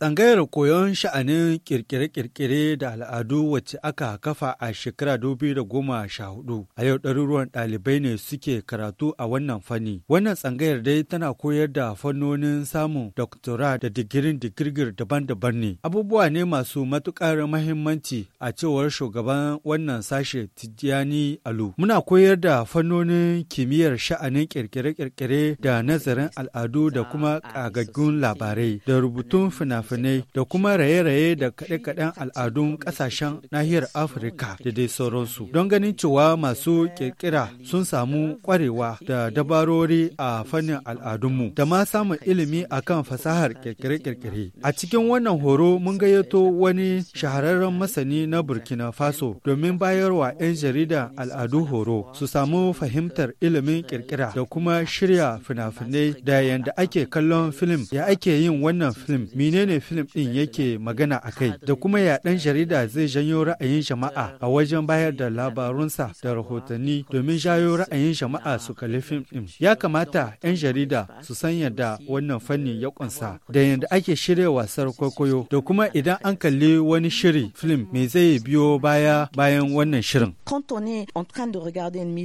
Tsangayar koyon sha'anin kirkire-kirkire da al'adu wacce aka kafa a shekara hudu, a yau ɗaruruwan ɗalibai ne suke karatu a wannan fanni. Wannan tsangayar dai tana koyar da fannonin samun doktora da digirin digirgir daban-daban ne. Abubuwa ne masu matuƙar mahimmanci a cewar shugaban wannan sashe Tijjani Alu. Muna koyar da fannonin kimiyyar sha'anin kirkire-kirkire da nazarin al'adu da kuma ƙagaggun labarai da rubutun fina fina-finai da kuma raye-raye da kaɗe-kaɗen al'adun ƙasashen nahiyar Afirka da dai sauransu. Don ganin cewa masu ƙirƙira sun samu ƙwarewa da dabarori a fannin al'adunmu da ma samun ilimi a kan fasahar ƙirƙire-ƙirƙire. A cikin wannan horo mun gayyato wani shahararren masani na Burkina Faso domin bayarwa 'yan jarida al'adu horo su samu fahimtar ilimin ƙirƙira da kuma shirya fina-finai da yadda ake kallon filim ya ake yin wannan filim menene ne fim ɗin yake magana a kai da kuma ya ɗan jarida zai janyo ra'ayin jama'a a wajen bayar da labarunsa da rahotanni domin jayo ra'ayin jama'a su kalli fim ɗin. Ya kamata 'yan jarida su san yadda wannan fanni ya ƙunsa da yadda ake shirya wasar kwaikwayo da kuma idan an kalli wani shiri fim me zai biyo baya bayan wannan shirin. Quand on est en train de regarder une